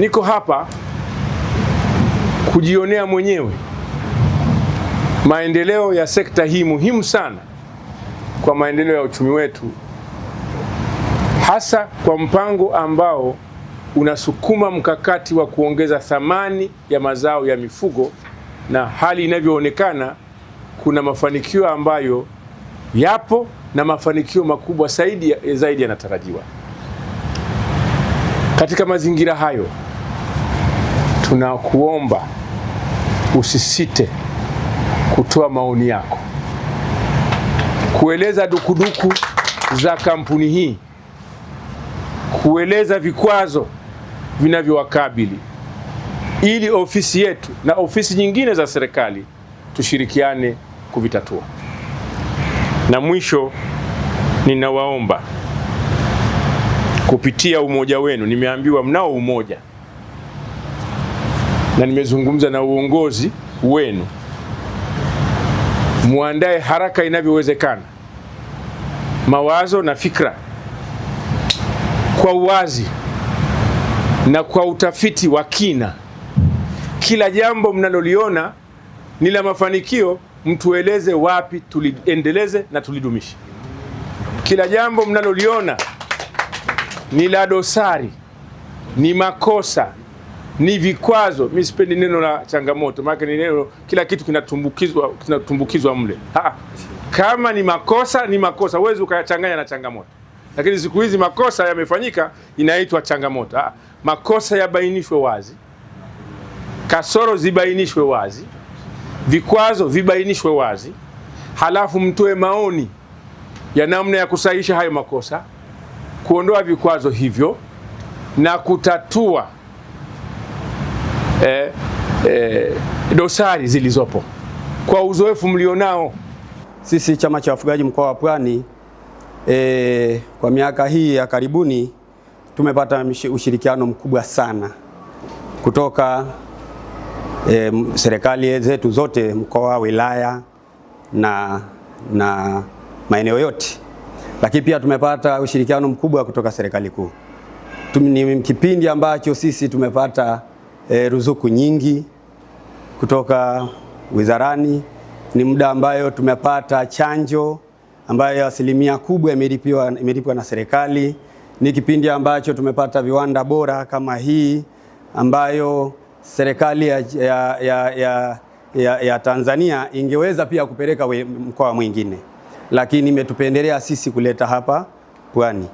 niko hapa kujionea mwenyewe maendeleo ya sekta hii muhimu sana kwa maendeleo ya uchumi wetu, hasa kwa mpango ambao unasukuma mkakati wa kuongeza thamani ya mazao ya mifugo, na hali inavyoonekana kuna mafanikio ambayo yapo na mafanikio makubwa zaidi zaidi yanatarajiwa katika mazingira hayo tunakuomba usisite kutoa maoni yako, kueleza dukuduku za kampuni hii, kueleza vikwazo vinavyowakabili, ili ofisi yetu na ofisi nyingine za serikali tushirikiane kuvitatua. Na mwisho, ninawaomba kupitia umoja wenu, nimeambiwa mnao umoja na nimezungumza na uongozi wenu, muandae haraka inavyowezekana mawazo na fikra kwa uwazi na kwa utafiti wa kina. Kila jambo mnaloliona ni la mafanikio, mtueleze wapi tuliendeleze na tulidumishe. Kila jambo mnaloliona ni la dosari, ni makosa ni vikwazo. Mimi sipendi neno la changamoto, maana ni neno, kila kitu kinatumbukizwa, kinatumbukizwa mle. Ha, kama ni makosa ni makosa, huwezi ukayachanganya na changamoto. Lakini siku hizi makosa yamefanyika, inaitwa changamoto. Ha, makosa yabainishwe wazi, kasoro zibainishwe wazi, vikwazo vibainishwe wazi, halafu mtoe maoni ya namna ya kusahihisha hayo makosa, kuondoa vikwazo hivyo na kutatua eh, eh, dosari zilizopo kwa uzoefu mlionao. Sisi chama cha wafugaji mkoa wa Pwani eh, kwa miaka hii ya karibuni tumepata ushirikiano mkubwa sana kutoka eh, serikali zetu zote mkoa, wilaya na, na maeneo yote, lakini pia tumepata ushirikiano mkubwa kutoka serikali kuu. Ni kipindi ambacho sisi tumepata e, ruzuku nyingi kutoka wizarani. Ni muda ambayo tumepata chanjo ambayo asilimia kubwa imelipiwa imelipwa na serikali. Ni kipindi ambacho tumepata viwanda bora kama hii ambayo serikali ya, ya, ya, ya, ya, ya Tanzania ingeweza pia kupeleka mkoa mwingine, lakini imetupendelea sisi kuleta hapa Pwani.